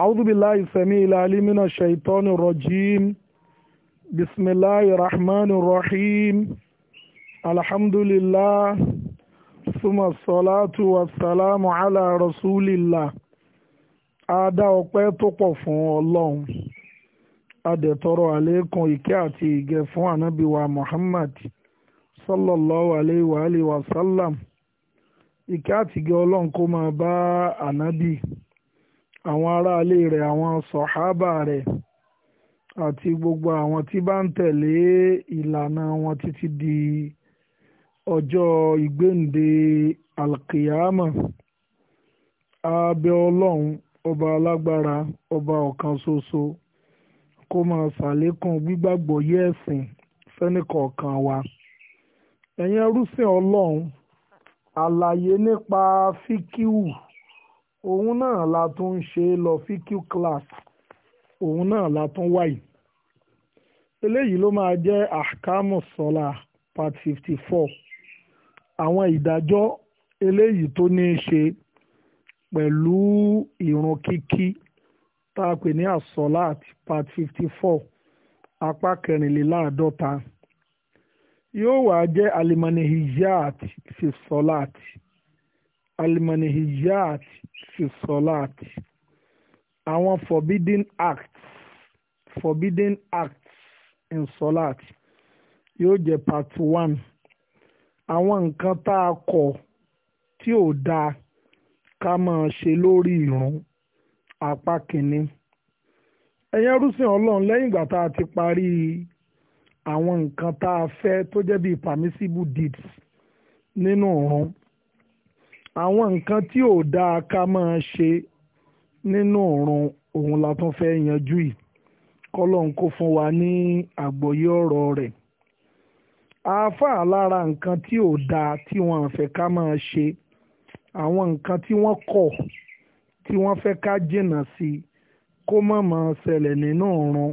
أعوذ بالله السميع العليم من الشيطان الرجيم بسم الله الرحمن الرحيم الحمد لله ثم الصلاة والسلام على رسول الله ada ọpẹ́ tó pọ̀ fún Ọlọ́run adẹ̀tọ̀rọ̀ àlékún ìkẹ́ àti ìgẹ̀ fún ànábì wa Muhammad sallallahu alayhi wa alayhi wa sallam ìkẹ́ àti ìgẹ̀ Ọlọ́run kó máa bá ànábì àwọn aráalé rẹ̀ àwọn sọ̀hábà rẹ̀ àti gbogbo àwọn tí bá ń tẹ̀lé ìlànà wọn títí di ọjọ́ ìgbéǹde alkiyama a bẹ̀ ọlọ́run ọba alágbára ọba ọ̀kan ṣoṣo kó máa ṣàlékún gbígbàgbọ́ yé ẹ̀sìn fẹ́nìkọ̀ọ̀kan wa ẹ̀yin ẹrúsìn ọlọ́run àlàyé nípa fíkíwù òun náà la tún ń ṣe lọ fíkú class òun náà la tún wáyé eléyìí ló máa jẹ́ ahkamu sọlá part fifty four àwọn ìdájọ́ eléyìí tó ní í ṣe pẹ̀lú ìrun kíkí tá a pè ní asọ́láàt part fifty four apá kẹrìnléláàádọ́ta yóò wá jẹ́ alimani hijab fi sọ́láàtì almanihiyat fi salat àwọn forbidden acts forbidden acts in salat yóò jẹ́ part one àwọn nǹkan tá a kọ̀ tí ò dáa ká máa ṣe lórí ìrun apá kìíní ẹ̀yẹ́ rúṣin ọlọ́run lẹ́yìn ìgbà tá a ti parí àwọn nǹkan tá a fẹ́ tó jẹ́ bíi permissible deeds nínú ọ̀run àwọn nǹkan tí ò dáa ká máa ṣe nínú ọ̀run òun la tún fẹ́ yanjú yìí kọ́lọ́n kó fún wa ní àgbọ́yé ọ̀rọ̀ rẹ̀ àáfàá lára nǹkan tí ò dáa tí wọ́n fẹ́ ká máa ṣe àwọn nǹkan tí wọ́n kọ̀ tí wọ́n fẹ́ ká jìnnà sí kó má máa ṣẹlẹ̀ nínú ọ̀run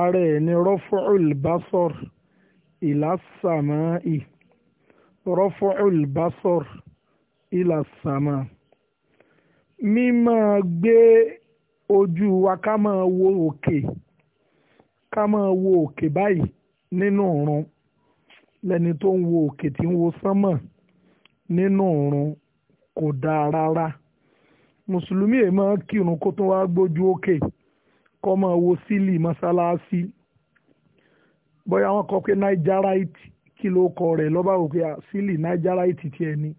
ara ẹ̀ ní rọ́fọ́ọ̀l basor ìlàsàmáì rọ́fọ́ọ̀l basor ilà sàmà mímọ́ gbé ojú wa ká máa wo òkè ká máa wo òkè báyìí nínú ọ̀run lẹ́ni tó ń wo òkè tí ń wo sánmọ̀ nínú ọ̀run kò dáa rárá mùsùlùmí ẹ̀ máa kírun kó tó wá gbójú òkè kó máa wo sílì mọ́sálásí bóyá wọ́n kọ pé nigerite kí ló kọ rẹ̀ lọ́ba ah, òkè sílì nigerite tiẹ̀ ni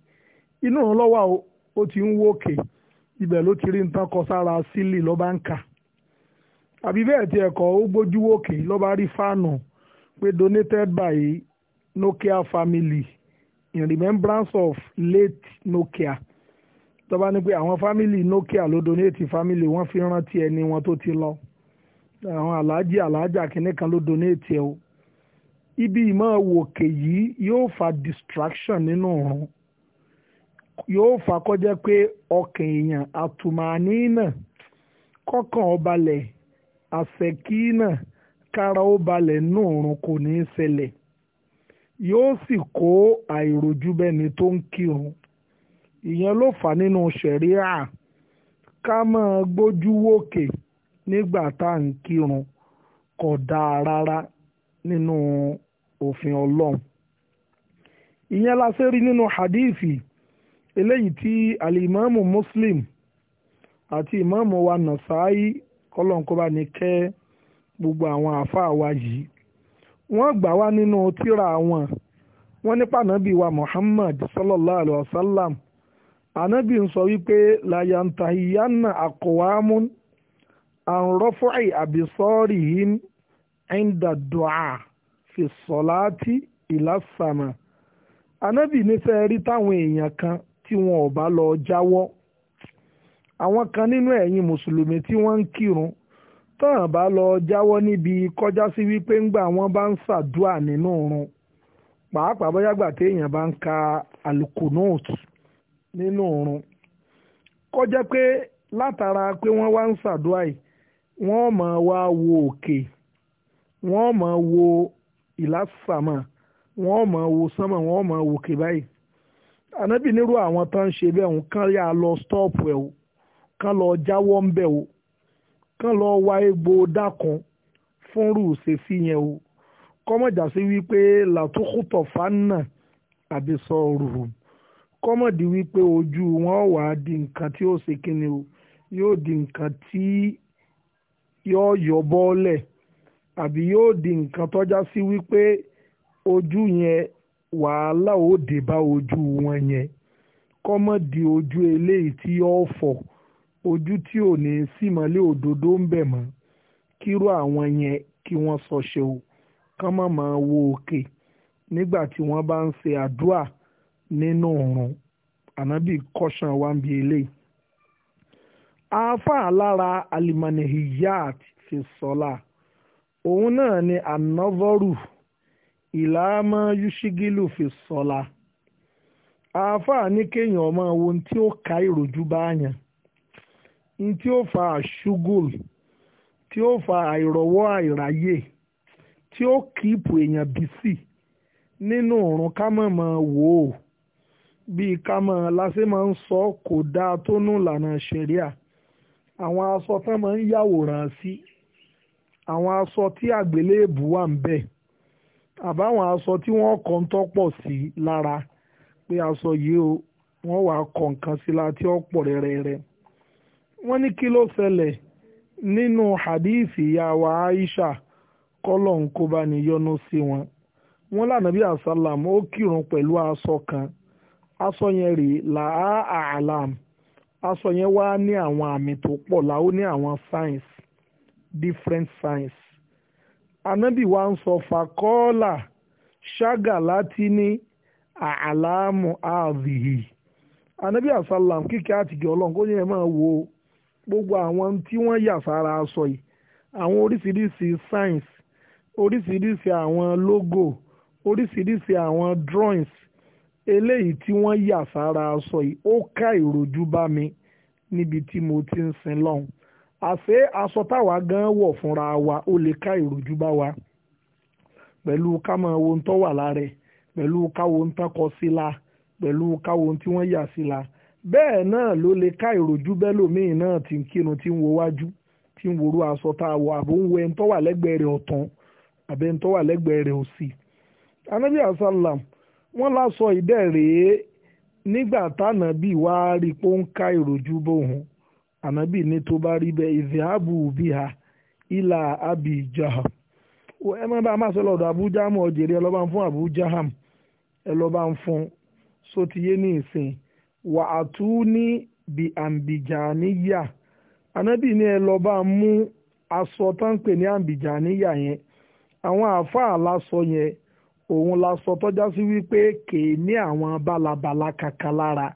inú òun lọ́wọ́ ó ti ń wókè ibẹ̀ ló ti rí nǹkan kọ sára sílì ló bá ń kà àbí bẹ́ẹ̀ tí ẹ̀kọ́ ó gbójú wókè ló rí fáànù pé donated by Nokia family in remembrance of late Nokia tó bá ní pé àwọn fámìlì Nokia ló donate family wọn fi rántí ẹni wọn tó ti lọ àwọn aláàjì aláàjà kìnnì kan ló donate ẹ o ibi ìmọ̀ wòkè yìí yóò fa distraction nínú ọ̀run yóò fà kọjá pé ọkàn èèyàn àtùmọ̀ání náà kọ́kàn ó balẹ̀ àṣẹ̀kí náà kára ó balẹ̀ nùrùn kò ní í ṣẹlẹ̀ yóò sì kó àìròjú ni tó ń kírun ìyẹn ló fà nínú ṣẹ̀ríà ká máa gbójú wòkè nígbà tá à ń kírun kò dáa rárá nínú òfin ọlọ́run ìyẹn la ṣe rí nínú hadithi. No eléyìí tí alimami muslim àti ìmáàmù wa nàṣáì kọlọ́nkọ́ba ní kẹ́ gbogbo àwọn àáfàá wa yìí wọ́n gbà wá nínú tírà wọn wọ́n ní pànábì wa muhammad sallallahu alayhi wa sallam ànábì ń sọ wípé layantahiyanna akọ̀wámú àrùnrọ́fọ́ì àbísọ́ọ̀rì yìí ẹ̀ńdà dùà fi sọ̀láàtì ìlàsàmà ànábì ní sẹ́ẹ̀rí táwọn èèyàn kan tí wọn ò bá lọ jáwọ́ àwọn kan nínú ẹ̀yin mùsùlùmí tí wọ́n ń kírun tọ́ràn bá lọ jáwọ́ níbi kọjá sí wípé ńgbà wọ́n bá ń ṣàdúà nínú oorun pàápàá bóyá gbà téèyàn bá ń ka alukunut nínú oorun kọjá pé látara pé wọ́n wá ń ṣàdúà yìí wọ́n máa wá wo òkè wọ́n máa wo ìlàsàmà wọ́n máa wo sánmà wọ́n máa wo òkè báyìí ànábì nírú àwọn tó ń ṣe bẹ́ẹ̀ ń kán yà lọ stọ́ọ̀pù ẹ̀ o kán lọ jáwọ́ ń bẹ̀ o kán lọ wá egbò dákun fún rúùsè sí yẹn o kọ́mọ̀jà sí wípé làtúkùtọ̀ fánà àbísọ̀ rùrù kọ́mọ̀dì wípé ojú wọn wà á di nǹkan tí ó ṣe kíni o yóò di nǹkan tí yóò yọ bọ́ọ̀lẹ̀ àbí yóò di nǹkan tọ́já sí wípé ojú yẹn wàhálà ó dé bá ojú wọn yẹn kọ́mọ́ di ojú eléyìí tí yóò fọ́ ojú tí ò ní símọ́lẹ̀ òdodo ń bẹ̀ mọ́ kírú àwọn yẹn kí wọ́n sọ ṣeun kán má máa wo òkè nígbà tí wọ́n bá ń ṣe àdúrà nínú ọ̀run ànábì kọ́ṣán wa ń bi eléyìí. àáfàá lára alimanihiyat fi sọ́la òun náà ni anavoru. ìlàámọ́ yushigilu fi sọ́la àáfàá ní kéèyàn ọmọ ohun tí ó ka ìròjú bá yàn ní tí ó fa àṣùgùl tí ó fa àìrọ̀wọ́ àìráyè tí ó kíìpù èèyàn bísí nínú ọ̀run ká mọ̀ mọ̀ wò ó bíi ká mọ̀ lásì sọ kò dáa tó nù lànà ṣẹ̀ríà àwọn aṣọ tán máa ń yàwòrán sí àwọn aṣọ tí àgbélébù wà ń bẹ́ẹ̀ àbáwọn aṣọ tí wọ́n kọ́ ń tọ́pọ̀ sí lára pé aṣọ yìí o wọ́n wàá kọ́ nǹkan sí láti ọ̀pọ̀ rẹ̀rẹ̀rẹ̀ wọ́n ní kí ló ṣẹlẹ̀ nínú hadith ìyá wa Aisha kọ́lọ̀ ń kó bá ní yọ́nú sí wọn wọ́n lànàbí àsálàm ó kírun pẹ̀lú aṣọ kan aṣọ yẹn rèé làá àlàm aṣọ yẹn wá ní àwọn àmì tó pọ̀ làó ní àwọn signs different science anábì wa ń sọ fàkọ́ọ́là ṣágàlá tí ní àlàámù ààbìhì anábì àsálàm kíkẹ́ àtìgẹ́ ọlọ́run kó ní ẹ̀ máa wo gbogbo àwọn tí wọ́n yà sára aṣọ yìí àwọn oríṣiríṣi signs oríṣiríṣi àwọn logo oríṣiríṣi àwọn drawings eléyìí tí wọ́n yà sára aṣọ yìí ó ká ìròjú bá mi níbi tí mo ti ń sin lọ́hùn àṣé aṣọ táwa gan wọ̀ fúnra wa ó lè ká ìròjú bá wa pẹ̀lú ká máa wo ohun tó wà lára pẹ̀lú káwo ń tán sí la pẹ̀lú káwo tí wọ́n yà sí la bẹ́ẹ̀ náà ló lè ká ìròjú bẹ́lòmíì náà tí ń kírun tí ń wo wájú tí ń worú aṣọ tá a wọ àbò ń wo ẹni tó wà lẹ́gbẹ̀ẹ́ rẹ̀ ọ̀tún àbẹ́ ẹni tó wà lẹ́gbẹ̀ẹ́ rẹ̀ òsì. anabi asalam wọ́n lásọ ìdẹ́ nígbà tánà bí wàá rí pé ó ń ká ìròjú bóun ànábì ní tó bá rí bẹ́ẹ̀ ìdíhábù bíhà ìlà àbí jaham ẹ má bá a má sọ lọ́dọ̀ abuja mọ̀ ọ̀jẹ̀rẹ̀ ẹ lọ́ bá ń fún abuja ham ẹ lọ́ bá ń fún sotiye ní ìsìn wà á tú ní bí àǹbìjàníyà ànábì ní ẹ lọ́ mú aṣọ tó ń pè ní àǹbìjàníyà yẹn àwọn àáfàá lásọ yẹn òun la sọ tọ́já sí wípé kèé ní àwọn balabala kàkà lára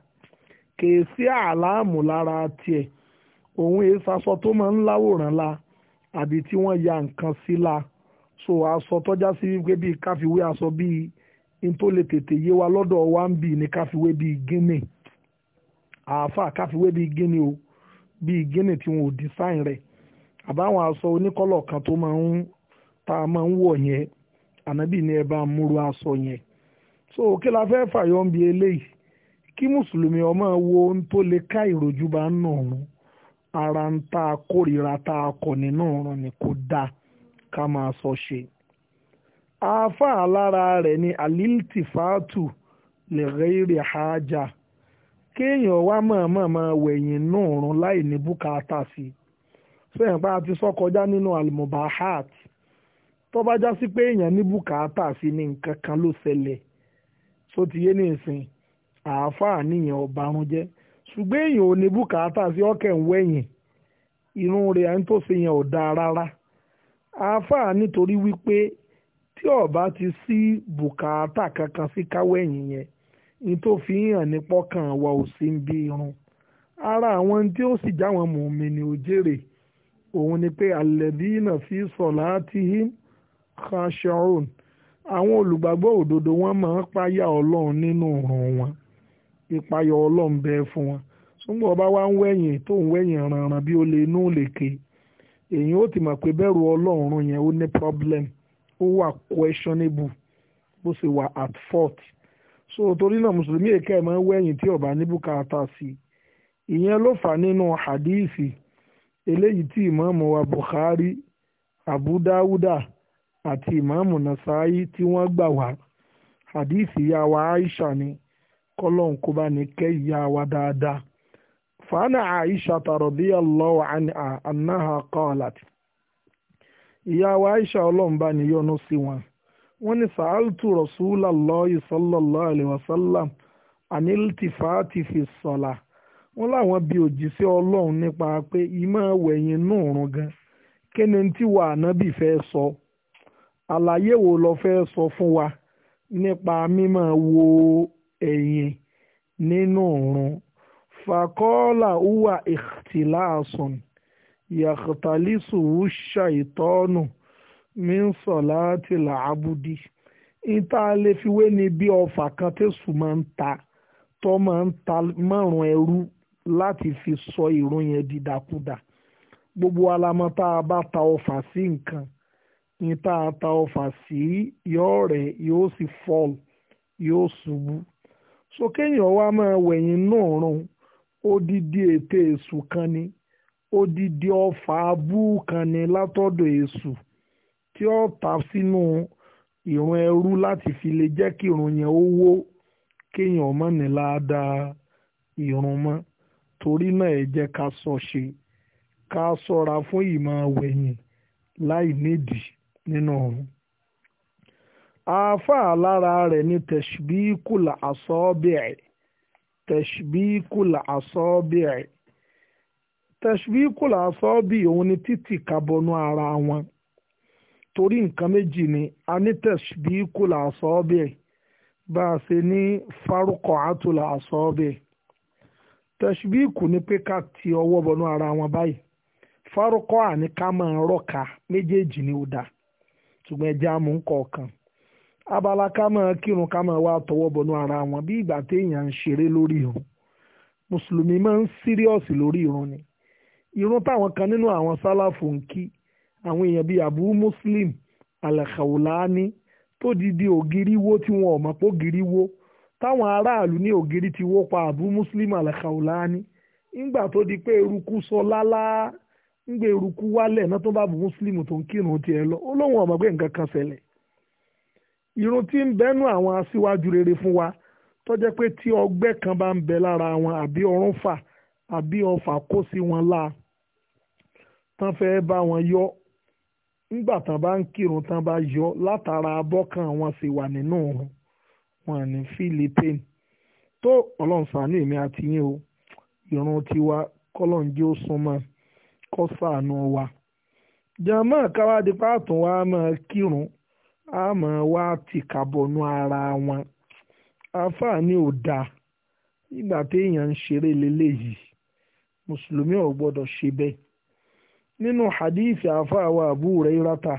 kèé sí àlámù lára tiẹ̀ òun èé sasọ tó máa ń láwòrán la àbí tí wọ́n ya nǹkan sí la so aṣọ tọ́já sí wípé bíi káfíwé aṣọ bíi n tó lè tètè yé wa lọ́dọ̀ wa ń bì ní káfíwé bíi gíní àáfà káfíwé bíi gíní o bíi gíní tí wọn ò dísáìn rẹ̀ àbáwọn aṣọ oníkọ́lọ̀ kan tó máa ń ta a máa ń wọ̀ yẹn ànábì ni ẹ múru aṣọ yẹn so òkè la fẹ́ fàyọ́ ń bi eléyìí kí mùsùlùmí ọmọ wo ohun tó lè ká ìròjú bá ń nà ara ń tá a kórìíra tá a kọ̀ nínú ọ̀ràn ni kò dáa ká máa sọ ṣe. àáfàá lára rẹ̀ ni aliltifaatu lè rẹ́ẹ̀rì haja kéèyàn wá mọ̀ọ́mọ̀ máa wẹ̀yìn náà rún láì ní bùkátà sí i sẹ́yìn pa àti sọ kọjá nínú almubahat tó bá já sí pé èèyàn ní bùkátà sí ní nǹkan kan ló ṣẹlẹ̀ só ti àáfàá nìyẹn ọ̀bàrún jẹ́ ṣùgbọ́n èèyàn ò ní bùkátà sí ọ̀kẹ́ ń wẹ̀yìn irun rẹ̀ à ń tó ṣe yẹn ò dáa rárá àáfàá nítorí wípé tí ọba ti sí bùkátà kankan sí káwẹ̀yìn yẹn ni tó fi hàn ní pọ́kàn wa ò sí ń bí irun ara àwọn tí ó sì jáwọn mọ̀ọ́mí ni ò jèrè òun ni pé alẹ́bíínà fi sọ̀lá ti him awọn àwọn olùgbàgbọ́ òdodo wọn máa ń páyà ọlọ́run nínú ọ̀ràn wọn. ìpayọ̀ ọlọ́run bẹ fún wọn ṣùgbọ́n ọba wa ń wẹ̀yìn tó ń wẹ̀yìn rànran bí ó lè inú lèkè èyí ó ti mọ̀ pé bẹ̀rù ọlọ́run yẹn ó ní problem ó wà questionable bó ṣe wà at fault so torí náà mùsùlùmí èké ẹ̀ máa ń wẹ̀yìn tí ọba ní bùkátà sí ìyẹn ló fà nínú hadithi eléyìí tí ìmáàmù wa Bukhari Abu àti ìmáàmù Nasa'i tí wọ́n gbà wá hadithi ya wa Aisha ni. kọ́lọ́n kó bá ní kẹ́ ìyá wa dáadáa. fàánà Aisha radiyallahu anha annaha qalat ìyá wa Aisha ọlọ́run bá ní yọ́nú sí wọn wọn ní sàáltù rasulallahi sallallahu alayhi wa sallam fi sọ̀la wọ́n láwọn bí òjíṣẹ́ ọlọ́run nípa pé ìmọ̀ wẹ̀yìn náà rún gan tí wà fẹ́ sọ àlàyé wo fẹ́ sọ fún wa nípa mímọ̀ ẹ̀yìn nínú òrun fàkọ́ọ́là huwa ìtìláàsùn yàtàlísù ṣàìtọ́nù mínsọ̀lá tìlà abudi níta lè fi wé ni bí ọfà kan tẹ̀sùn máa ń ta tó máa ń ta márùn ẹrú láti fi sọ ìrun yẹn dìdàkudà gbogbo alamọ bá ta ọfà sí nǹkan ní ta ọfà sí yóò yóò sì fọ́ọ̀lù yóò ṣubú so kéèyàn wá máa wẹ̀yìn náà run odidi ètò èṣù kan ni odidi ọfà abú kan ni látọ̀dọ̀ èṣù tí ó ta sínú ìrun ẹrú láti fi lè jẹ́ kí ìrun yẹn ó wó kéèyàn mọ̀ ní ìrun mọ́ torí náà ẹ jẹ́ ká afa lára rẹ̀ ni tẹ̀síbíkùlà àsọ́bìrì tẹ̀síbíkùlà àsọ́bìrì tẹ̀síbíkùlà àsọ́bìrì òun ni títì kabọnú ara wọn torí nǹkan méjì ni a ní tẹ̀síbíkùlà àsọ́bìrì bá a ṣe ní farukọ àtúlà àsọ́bìrì tẹ̀síbíkù ni pé ká ti ọwọ́ bọnu ara wọn báyìí farukọ àní ká máa rọ̀ka méjèèjì ni ó dáa ṣùgbọ́n ẹja mú kọ̀ọ̀kan abala ká máa kírun ká máa wá tọwọ́ bọnú ara wọn bí ìgbà te ń ṣeré lórí irun mùsùlùmí máa ń síríọ̀sì lórí irun ni irun táwọn kan nínú àwọn sálàfù ń kí àwọn èèyàn bíi abu muslim alakawulani tó dìde ògiri wó tí wọn ò mọ̀ pé ògiri wó táwọn aráàlú ní ògiri ti wó pa abu muslim alakawulani ngba tó di pé eruku sọ lálá ńgbà eruku wálẹ̀ náà tó bá abu muslim tó ń kírun tiẹ̀ lọ ó lóun ò mọ̀ pé kan ṣẹlẹ̀ irun tí ń bẹ́nu àwọn aṣíwájú rere fún wa tó jẹ́ pé tí ọgbẹ́ kan bá ń bẹ lára wọn àbí ọrùn fà àbí ọfà kó sí wọn láà tán fẹ́ bá wọn yọ nígbà tán bá ń kírun tán bá yọ látara abọ́kàn wọn sì wà nínú òun wọn ní philippine tó ọlọ́run ṣàánú èmi àti yín o ìrun tiwa kọ́lọ́njẹ́ ó súnmọ́ kó ṣàánú wa jàmáà káwá di pààtó wa máa kírun a máa wá tìkàbọ̀nú ara wọn àǹfààní ò dáa nígbà téèyàn ń ṣeré leléyìí mùsùlùmí ò gbọ́dọ̀ ṣe bẹ́ẹ̀ nínú hadith àfàwà Abu Hurairata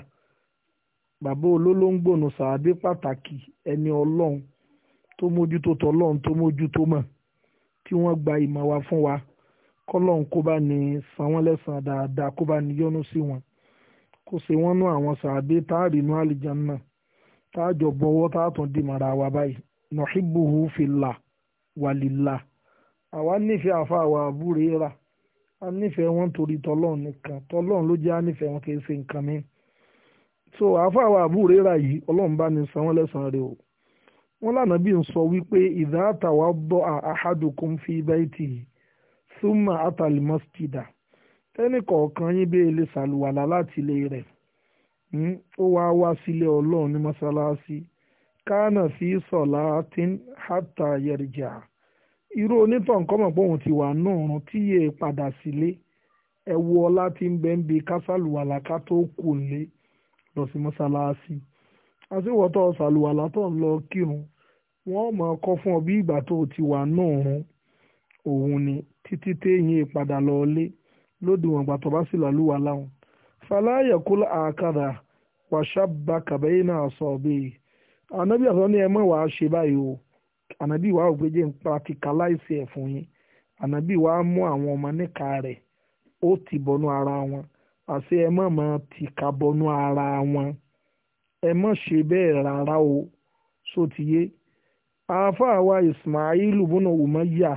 bàbá olólóńgbònú sàábé pàtàkì ẹni ọlọ́run tó mójútó tọlọ́run tó mójútó mọ̀ tí wọ́n gba ìmọ̀ wa fún wa kọ́lọ́run kó bá ní san wọ́n dáadáa kó bá ní yọ́nú sí wọn kó ṣe wọ́n nú àwọn sàábé táàrí inú àlìjánná táàjọ bọ́wọ́ táàtún di mara wa báyìí nọ̀híbùhù fìlà wàlìlà àwa nífẹ̀ẹ́ àfa àwa àbúrè rà a nífẹ̀ẹ́ wọn torí tọlọ́run nìkan tọlọ́run ló jẹ́ a nífẹ̀ẹ́ wọn kì í ṣe nǹkan mi so àfa àwa àbúrè rà yìí ọlọ́run bá ní san wọ́n lẹ́sàn-án rẹ̀ o wọ́n lànà bí n sọ wípé ìdá àtàwà bọ́ àhádùkún fi bẹ́ẹ̀ tì í súnmọ́ àtàlì mọ́sídìdà ẹnì kọ̀ọ̀kan yín bẹ́ẹ̀ lè ṣàlùwàlà láti ilé rẹ̀ hmm? ó wá wá sílé ọlọ́run ní mọ́ṣáláṣí kánà fi sọ̀lá tí hàtà yẹrìjà irú onítàn kọ́mọ̀ pé òun ti wà náà tí yéé padà sílé ẹ wo ọlá tí ń ń bi kásálùwàlà ká tó kù lé lọ sí mọ́ṣáláṣí àṣìwọ́tọ̀ ṣàlùwàlà tó ń lọ kírun wọ́n fún ọ bí ìgbà tó ti wà náà òun ni títí lódiwọ̀n ìgbà tó bá sì lálùwà láwọn. fàlàyé kúlọ̀ àkàrà wàṣà bá kàbẹ́yìn náà sọ bẹ́ẹ̀ ànábì àtọ́ ní ẹ mọ̀ wàá ṣe báyìí o ànábì wàá ògbéjì ń practicalize ẹ̀ fún yín ànábì wàá mú àwọn ọmọ níka rẹ̀ ó ti bọnú ara wọn àṣé ẹ mọ̀ mọ́ ti ka bọnú ara wọn ẹ mọ̀ ṣe bẹ́ẹ̀ rárá o so ti yé àáfàá wa Ismail bùnà Umayya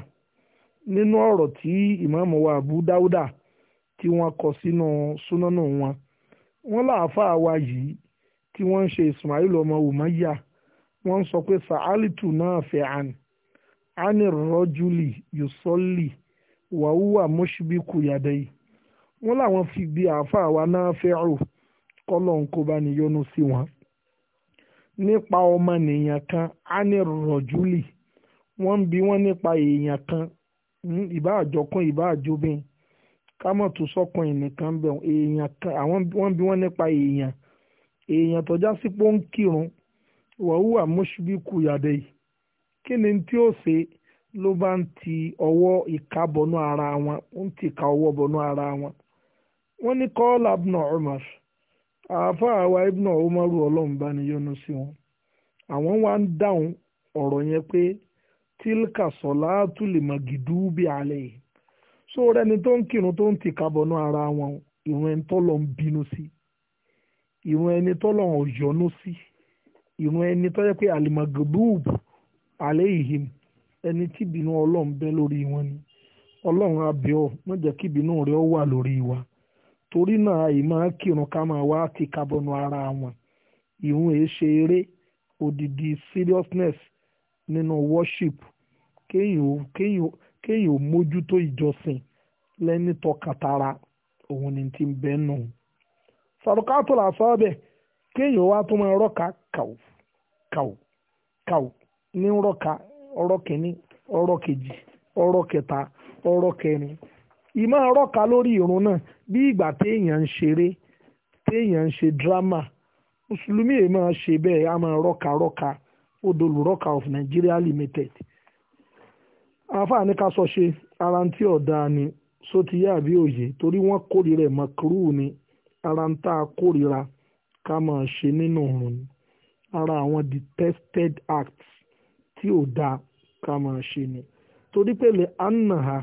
nínú ọ̀rọ̀ tí ìmáàmù wa Abu Dáúdà tí wọ́n kọ sínú súnánù wọn wọ́n láàfáà wa yìí tí wọ́n ń ṣe Ismail ọmọ Umayya wọ́n sọ pé sa'alitu náà fẹ́ àn ani rọ́júlì yusọ́lì wàhùwà wọ́n láwọn fi bí àáfàá wa náà kọlọ kọ́lọ̀ ń kó bá sí wọn nípa ọmọnìyàn bi wọ́n nípa èèyàn kan hmm, ìbá kámọ̀ tó sọ́kàn nìkan ń bẹ̀ èèyàn kan àwọn wọ́n bí wọ́n nípa èèyàn èèyàn tọ́já sí pé ó ń kírun wàhùwà mọ́ṣubíkù yàdẹ yìí kí ni tí ó ṣe ló bá ń ti ọwọ́ ìka bọnú ara wọn ń ti ka ọwọ́ bọnú ara wọn wọ́n ní kọ́ọ́lá ibn Umar àáfàá wa ibn Umar ọlọ́mùbá ni yọ́nú sí wọn àwọn wa ń dáhùn ọ̀rọ̀ yẹn pé tílkà sọ̀lá tùlìmọ̀gìdú bí alẹ́ yìí so rẹni tó ń kírun tó ń ti ara wọn ìrun ẹni tọ́lọ̀ ń bínú sí ìrun ẹni tọ́lọ̀ ń yọnú sí ìrun ẹni tó pé alimagbub aleihim ẹni tí ìbínú lórí wọn ni kí ìbínú ara wọn odidi seriousness nínú worship kéèyàn mójútó ìjọsìn lẹ́ni tọkàtara òun ni ti ń bẹ́ nù. sàrùkátò làásán bẹ̀ kéèyàn wá tó máa rọ́ka kàù kàù kàù ní rọ́ka ọ̀rọ̀ kìíní ọ̀rọ̀ kejì ọ̀rọ̀ kẹta ọ̀rọ̀ kẹrin ìmọ̀ rọ́ka lórí ìrun náà bí ìgbà téèyàn ń ṣeré téèyàn ń ṣe dírámà mùsùlùmí ṣe bẹ́ẹ̀ á máa rọ́ka rọ́ka of Nigeria àáfàá ní ká sọ ṣe ara ń tí ọ̀dà ni só ti yá àbí òye torí wọ́n kórìíra mọ̀kúrú ni ara ń tá a kórìíra ká máa ṣe nínú òrùn ni ara àwọn detested acts tí ò dáa ká máa ṣe ni torí pèlè annaha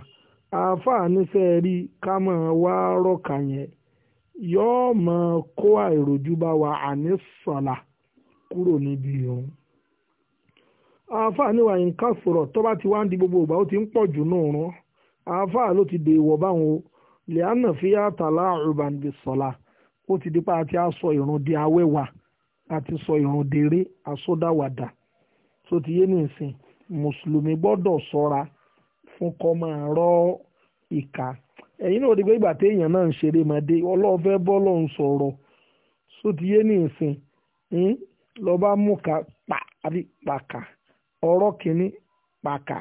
àáfàá nífẹ̀ẹ́ rí ká máa wá rọ̀kà yẹn yọ́ọ́ máa kó àìròjú bá wa àní sọ̀la kúrò níbi òun àáfàá níwà yín ká sọ̀rọ̀ tó bá ti wá ń di gbogbo ìgbà ó ti ń pọ̀ jù náà rán àáfàá ti dè wọ̀ báwọn o lẹ́ànà fi àtàlà urban bí sọ̀la ó ti di pa àti aṣọ di awẹ́wà àti sọ ìrùn dèrè àsọdáwàdà tó ti yé nìsín mùsùlùmí gbọ́dọ̀ fún kọ́ máa rọ́ ìka ẹ̀yin náà pé ìgbà téèyàn náà ń ṣeré ọlọ́ọ̀fẹ́ bọ́ sọ̀rọ̀ tó ti yé nìsín hmm, ka ọ̀rọ̀ kìíní pàkà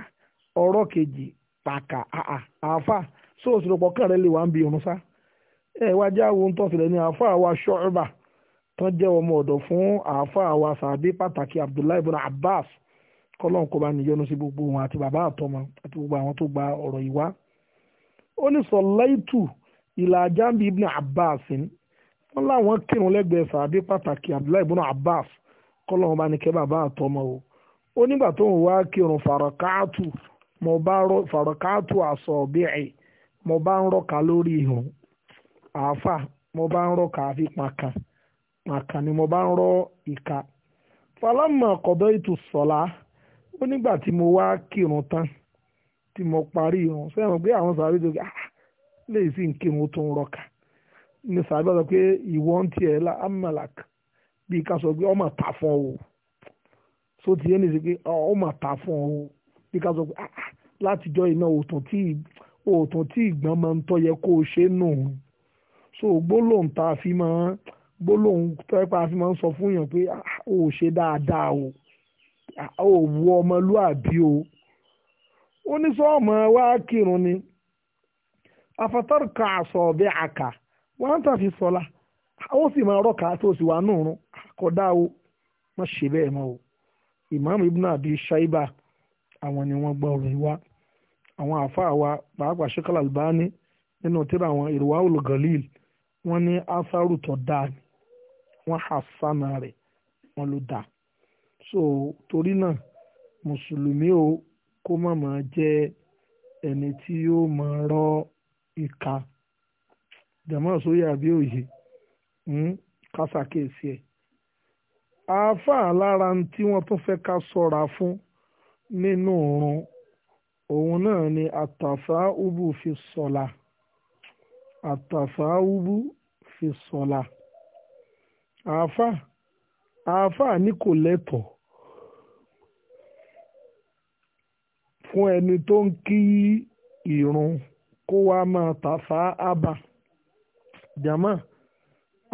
ọ̀rọ̀ kejì pàkà àáfà so òsèlópọ̀ kàn rẹ lè wà ń bi irun sá ẹ wá já ohun tó ṣẹlẹ̀ ní àáfà wa ṣọ́ọ̀bà tán jẹ́ ọmọ ọ̀dọ̀ fún àáfà wa sàbí pàtàkì Abdullahi ibn Abbas kọ́lọ́n kó bá níyọnu sí gbogbo wọn àti bàbá àtọmọ àti gbogbo àwọn tó gba ọ̀rọ̀ yìí wá ó ní sọ̀láìtù ìlà jambi ibn Abbas wọn láwọn kírun lẹ́gbẹ̀ẹ́ sàbí pàtàkì Abdullahi ibn Abbas kọ́lọ́n bá ní kẹ́ bàbá àtọmọ o ó nígbà tó ń wá kírun fàràkáàtù mo bá rọ fàràkáàtù àṣọ bíi mo bá ń rọ̀ka lórí ìhùn àáfà mo bá ń rọ̀ka àfi pàkàn pàkàn ni mo bá ń rọ ìka falámà kọ̀dọ̀ ètò sọ̀lá ó tí mo wá kírun tán tí mo parí ìrun sẹ́wọ̀n pé àwọn sàbí tó kí ah lè sí nkírun tó ń rọ̀ka ni sàbí ọ̀sán pé ìwọ tiẹ̀ la amalak ká sọ pé ọmọ ta fún ọ so ti yẹn ní sí pé ọ mà ta fún ọ o bí ká sọ pé látijọ́ iná òòtàn tí òòtàn tí ìgbọ́n máa ń tọ́ yẹ kó o ṣe nù so gbólóhùn tá a fi máa gbólóhùn tó yẹ pé a fi máa ń sọ fún yàn pé ah, ah, o ò ṣe dáadáa ah, o ò wu ọmọlúàbí o ó ní sọ ọmọ wa kírun ni afatarka àṣọ ọbẹ àkà wọn tàn fi sọlá ó sì máa rọkà tó sì wà nù rún kódà o má ṣe bẹ́ẹ̀ mọ́ o imam ibn abi shaiba àwọn ni wọ́n gbọ́ ọ̀rọ̀ ìwá àwọn àáfàá wa pàápàá sheikh albani nínú tírà àwọn ìrùwá olùgọ́lìl wọ́n ní asaru tó dáa ni wọ́n hasana rẹ̀ wọ́n ló dáa so torí náà mùsùlùmí o kó má máa jẹ́ ẹni tí yóò máa rọ ìka jàmọ́ sóyè àbí òye hmm, kásàkéèsì ẹ̀ àáfàá lára tí wọ́n tún fẹ́ ká sọ̀ra fún nínú òrun òun náà ni àtàfà ubu fi sọ̀la àtàfà ubu fi sọ̀la àáfàá àáfàá ní kò lẹ́tọ̀ọ́ fún ẹni tó ń kí ìrun kó wá máa tàfà ábà jàmá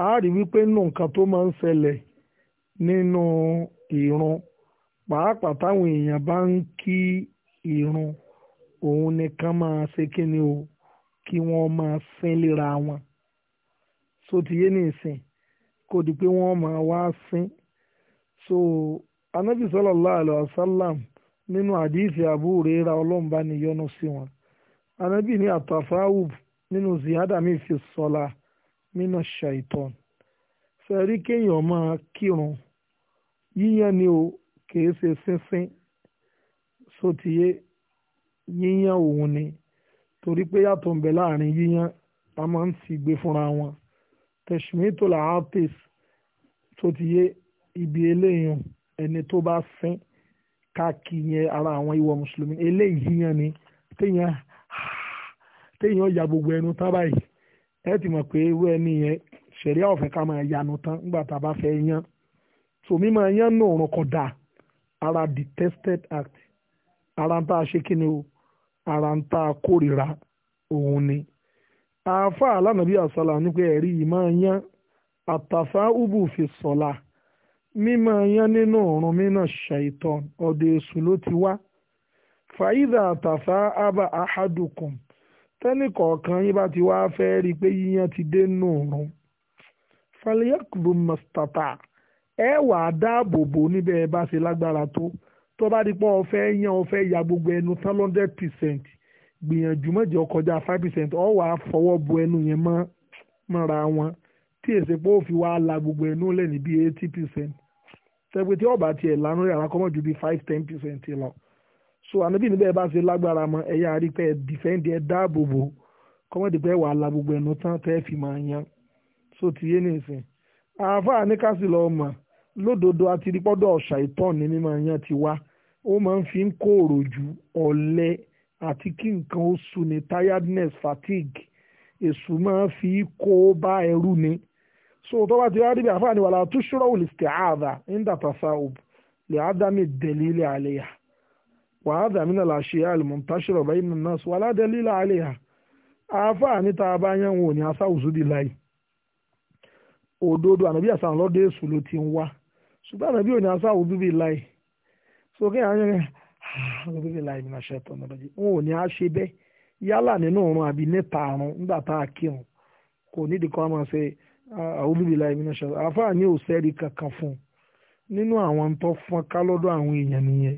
a rí wípé nù nǹkan tó máa ń ṣẹlẹ̀ nínú ìrun pàápàá táwọn èèyàn bá ń kí ìrun òun nìkan máa ṣe kí o kí wọ́n máa sín wọn so ti yé ní ìsìn di pé wọ́n máa wá sin so anabi sallallahu nínú àdìsí Abu Huraira ni yọ́nú sí wọn anabi ní àtàfáwù nínú ziyada mi fi sọlá nínú kéèyàn máa kírun yíyan ni o kìí ṣe sínsín sótìyé yíyan òun ni torí pé yàtọ̀ ń bẹ láàrin yíyan a máa ń sì gbé fúnra wọn tẹ̀sùmí tó là á tèsì sótìyé ibi eléyìn ẹni tó bá sín káàkiri yẹn ara àwọn ìwọ mùsùlùmí eléyìí yíyan ni téèyàn téèyàn ya gbogbo ẹnu tán báyìí ẹ ti mọ̀ pé irú ẹni yẹn ṣẹ̀ríà ọ̀fẹ́ ká máa yanu tán nígbà tá a bá fẹ́ yan so mímọ ẹyán náà ọ̀ràn kọ dáa ara detested act ara ń tá a ṣe kí ni o ara ń tá a kórìíra òun ni àáfà alánàbí àsálà ní pé ẹ̀rí ìmọ̀ ẹyán àtàfà ubu fi sọ̀la mímọ ẹyán nínú ọ̀run mínà ṣàìtàn ọ̀dẹ̀ èṣù ló ti wá fàyídà àtàfà abba ahadukum tẹ́nìkọ̀ọ̀kan yín bá ti wá fẹ́ rí i pé yíyan ti dé nù ọ̀run fàlẹ́yàkùbù mọ̀sítàtà ẹ wà á dáàbò bò níbẹ̀ ẹ bá ṣe lágbára tó tó bá di pọ́ ọ̀fẹ́ yan ọ̀fẹ́ ya gbogbo ẹnu tán hundred percent gbìyànjú mọ́jọ kọjá five percent ọ̀ wà á fọwọ́ bo ẹnu yẹn mọ́ mọ́ra wọn tí èsì pé ó fi wá la gbogbo ẹnu lẹ̀ ní bíi eighty percent sẹ́gbẹ́ tí ọba tiẹ̀ lánú rẹ̀ àwọn akọ́mọ̀jú bíi five ten percent lọ so ànábì níbẹ̀ bá ṣe lágbára mọ́ ẹ̀yà àríkẹ́ ẹ̀ dìfẹ́ǹdì ẹ̀ dáàbò bò kọ́mọ̀dé pé wà á la gbogbo ẹnu tán tẹ́ fi máa yan so tìyé nìsín àáfàá ní kásìlọ́ọ̀mọ̀ lódodo àti rípọ́dọ̀ ọ̀ṣà ìtọ́ ni mímọ yan ti wá ó máa ń fi ń kó òròjú ọ̀lẹ àti kí nǹkan ó suni tiredness fatigue èṣù máa fi kó bá ẹrú ni so tó bá ti wá dìbò àfáàní wàhálà tó ṣúrọ̀ wò lè ṣe àdá ńdàtàṣà òbí lè ádámì dẹ̀lílé àlẹ́yà wàhálà mí náà làṣẹ àlùmọ̀ntàṣẹ̀rọ̀ báyìí nínú náà sọ wàhálà dẹ̀lílé àlẹ́yà àfáàní tá a bá yẹn wò ní asáwùsù dì láì òdodo ànàbí àsàn èṣù ló ti ń wá ṣùgbọ́n àbẹ̀bí ò ní aṣọ àwọn bíbí láì so kí àwọn yẹn àwọn bíbí láì ní aṣọ ẹ̀tọ́ ọmọdé wọn ò ní á ṣe bẹ́ẹ̀ yálà nínú òrun àbí níta àrùn nígbà tá a kírun kò nídìí kan máa ṣe àwọn bíbí láì ní aṣọ àfáà ní ò kankan fún un nínú àwọn tó fọn ká lọ́dọ̀ àwọn èèyàn nìyẹn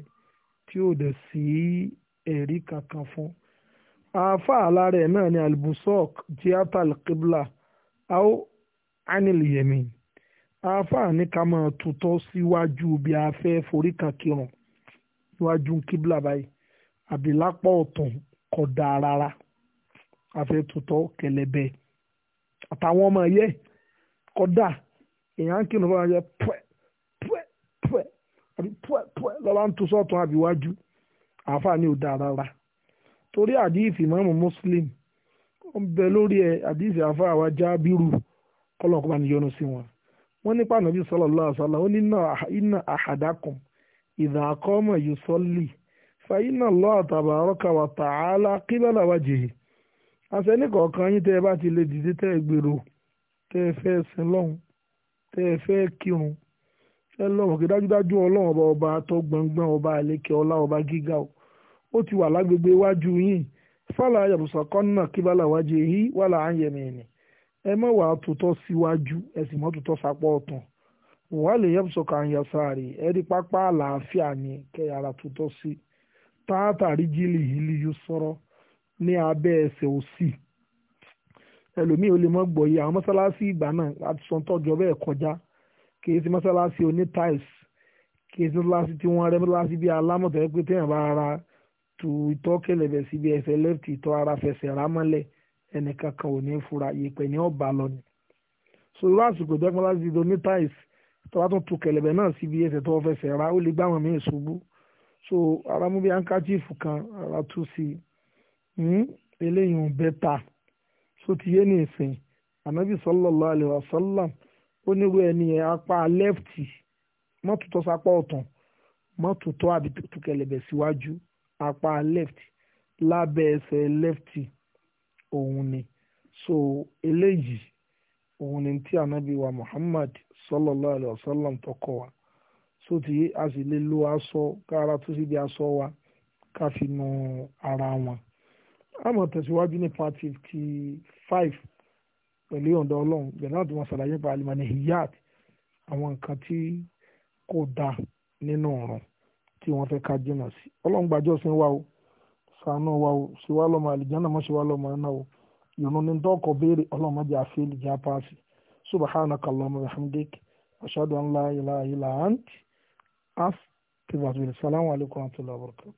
tí ò dẹ̀ sí ẹ̀rí kankan fún àáfàá alárẹ̀ náà ni albusok jiatal qibla au anil yemin àáfàá ní ká máa tutọ́ síwájú bí a fẹ́ forí kan kírun níwájú kíbla báyìí àbí lápá ọ̀tún kò dáa rárá a fẹ́ tutọ́ kẹlẹ́bẹ àtàwọn ọmọ yẹ kò dáa èèyàn kírun fún wa jẹ pẹ́ pẹ́ pẹ́ àbí pẹ́ pẹ́ lọ́la ń tu sọ́ọ̀tún àbí wájú àáfàá ní ò dáa rárá torí àdìsí mọ́mú muslim ó ń bẹ lórí ẹ̀ àdìsí àáfàá wa jábírù kọ́lọ́ọ̀kọ́ bá ní yọnu sí wọn. wọ́n nípa ànábì sallallahu alaihi ó ní inna ahadakum idha qama yusalli fa inna Allah tabaraka wa ta'ala qibala wajhihi àṣẹ nìkọ̀ọ̀kan yín tẹ́ ẹ bá ti lè dìde tẹ́ ẹ gbèrò tẹ́ ẹ fẹ́ sin lọ́hùn tẹ́ ẹ fẹ́ kírun ẹ lọ́hùn kí dájúdájú ọba ọba tó ọba àlékè ọlá ọba gíga o ó ti wà lágbègbè yín fàlà ẹ má wàá tutọ́ síwájú ẹ sì má tutọ́ sapọ̀ ọ̀tàn wà lè yẹ sọ kàn yà sáré ẹ rí pápá àlàáfíà ni kẹ ara tutọ́ sí táàtàrí jíìlì ìlú yìí sọ̀rọ̀ ní abẹ́ ẹsẹ̀ òsì ẹlòmíì ò lè mọ́ gbọ́ yìí àwọn mọ́sálásí ìgbà náà àti sọ́ńtọ́jọ́ bẹ́ẹ̀ kọjá kì í sí mọ́sálásí oní tiles kì í sí mọ́sálásí tí wọ́n rẹ́ mọ́sálásí bíi alámọ̀tẹ́ pé téèyàn bá ara tù ìtọ́ síbi ẹsẹ̀ lẹ́fìtì ìtọ́ ara fẹsẹ̀ rámọ́lẹ̀ ẹnìkan kan ò ní fura yèpẹ̀ ní ọba lọ ni so irú àsìkò ìjọba láti di oní táìs tó bá tún tu kẹ̀lẹ̀bẹ̀ náà síbi ẹsẹ̀ tó fẹsẹ̀ ra ó lè gbá àwọn míì ṣubú so ara mú bí ankachifu kan ara tú sí i hmm? eléyìí ń bẹ́ ta so ti yé ní ìsìn ànábì sallallahu alaihi wasallam ó nírú ẹni yẹn apá lẹ́fìtì mọ́tòtọ́ sápá ọ̀tàn mọ́tòtọ́ àbí tu kẹ̀lẹ̀bẹ̀ síwájú apá lẹ́fìtì lábẹ́ ẹsẹ̀ lẹ́fìtì òun ni so eléyìí òun ni tí anabi wa muhammad sallallahu alayhi wa sallam tọkọ wa so tí a sì lè lo aṣọ kára tó sì di aṣọ wa ká fi nu ara wọn a máa tẹ̀síwájú ní 55 fifty five pẹ̀lú ọ̀dà ọlọ́run gbẹ̀dá tó wọn ṣàlàyé pa alimani hiyat àwọn nǹkan tí kò dáa nínú ọ̀ràn tí wọn fe ká jìnnà sí ọlọ́run gbàjọ́sìn wa o. sànú wa o ṣe wá lọ́mọ àlìjáná mọ́ ṣe wá lọ́mọ náà o ìrún ni dọ́kọ̀ béèrè ọlọ́mọ jẹ́ àfẹ́lì jẹ́ apáàsì subhanaka allahumma bihamdik ashhadu an la ilaha illa ant as tibatul salamu alaykum wa rahmatullahi wa barakatuh